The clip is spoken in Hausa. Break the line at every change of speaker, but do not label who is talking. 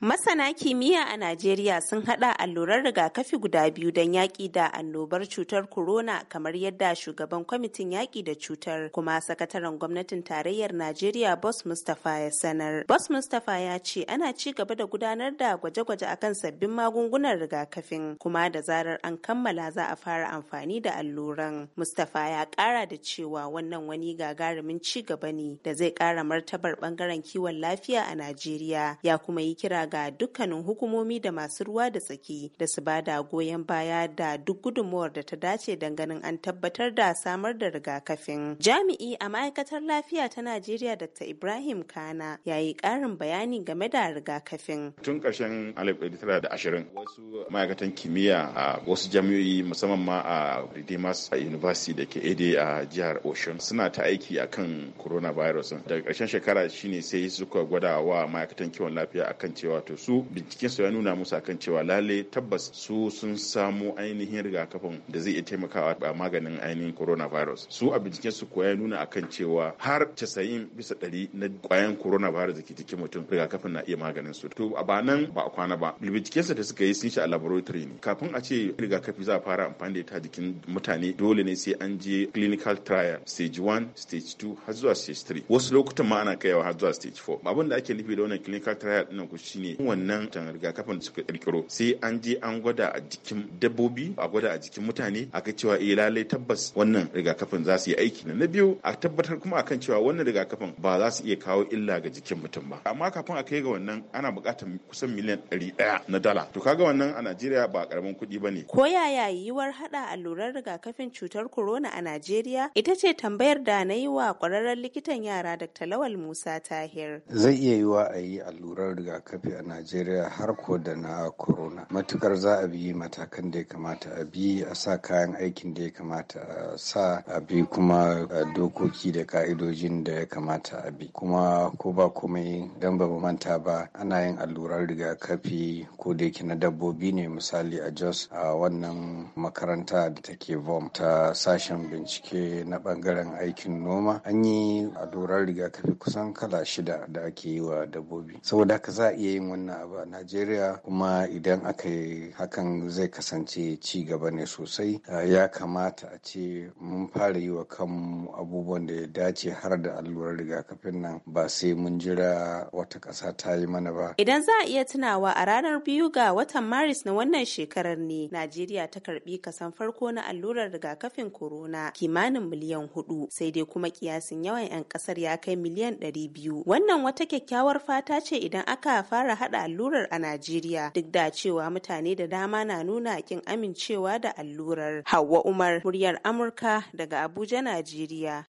Masana kimiyya a Najeriya sun haɗa allurar rigakafi guda biyu don yaƙi da annobar cutar corona kamar yadda shugaban kwamitin yaƙi da cutar kuma sakataren gwamnatin tarayyar Najeriya Bos Mustapha ya sanar. Bos Mustapha ya ce ana ci gaba da gudanar da gwaje-gwaje akan sabbin magungunan rigakafin kuma da zarar an kammala za a fara amfani da alluran. Mustapha ya ƙara da cewa wannan wani gagarumin ci gaba ne da zai ƙara martabar ɓangaren kiwon lafiya a Najeriya ya kuma yi kira ga dukkanin hukumomi da masu ruwa da tsaki da su bada goyon baya da duk gudunmuwar da ta dace ganin an tabbatar da samar da rigakafin. Jami'i a ma'aikatar lafiya ta Najeriya Dr. Ibrahim Kana ya yi ƙarin bayani game da rigakafin.
Tun ƙarshen 1920 wasu ma'aikatan kimiyya a wasu jami'o'i musamman ma a Redeemers University da ke Ede a jihar Osun suna ta aiki akan coronavirus. Daga ƙarshen shekara shine sai suka gwada wa ma'aikatan kiwon lafiya akan cewa wato su binciken su ya nuna musu akan cewa lalle tabbas su sun samu ainihin rigakafin da zai iya taimakawa a maganin ainihin coronavirus su a binciken su ko ya nuna akan cewa har 90 bisa 100 na kwayan coronavirus da ke jikin mutum rigakafin na iya maganin su to a banan ba a kwana ba binciken su da suka yi sun shi a laboratory ne kafin a ce rigakafi za a fara amfani da ita jikin mutane dole ne sai an je clinical trial stage 1 stage 2 har zuwa stage 3 wasu lokutan ma ana kaiwa har zuwa stage 4 abin da ake nufi da wannan clinical trial din ku shine ne wannan rigakafin da suka kirkiro sai an je an gwada a jikin dabbobi a gwada a jikin mutane a ga cewa eh lalai tabbas wannan rigakafin za su yi aiki na biyu a tabbatar kuma akan cewa wannan rigakafin ba za su iya kawo illa ga jikin mutum ba amma kafin a kai ga wannan ana buƙatar kusan miliyan ɗari ɗaya na dala to kaga wannan a Najeriya ba karamin kuɗi ba ne.
Ko yaya yiwuwar haɗa allurar rigakafin cutar corona a Najeriya ita ce tambayar da na yi wa ƙwararren likitan yara Dr. Lawal Musa Tahir.
Zai iya yiwa a yi allurar rigakafi a Najeriya har ko da na corona. Matukar za a bi matakan da ya kamata a bi a sa kayan aikin da ya kamata a sa a bi kuma dokoki da ka'idojin da ya kamata a bi. Kuma ko ba komai dan ba manta ba ana yin allurar rigakafi ko da yake na dabbobi ne misali a Jos a wannan makaranta da take VOM ta sashen bincike na bangaren aikin noma an yi allurar rigakafi kusan kala shida da ake yi wa dabbobi. Saboda haka za a iya yin wannan abu a Najeriya kuma idan aka yi hakan zai kasance ci gaba ne sosai ya kamata a ce mun fara yi wa kanmu abubuwan da ya dace har da allurar rigakafin nan ba sai mun jira wata ƙasa ta yi mana ba.
Idan za a iya tunawa a ranar biyu ga watan Maris na wannan shekarar ne Najeriya ta karbi kasan farko na allurar rigakafin corona kimanin miliyan hudu sai dai kuma kiyasin yawan 'yan kasar ya kai miliyan ɗari biyu. Wannan wata kyakkyawar fata ce idan aka fara hada allurar a Najeriya duk da cewa mutane da dama na nuna kin amincewa da allurar. Hauwa Umar, muryar Amurka daga Abuja, Najeriya.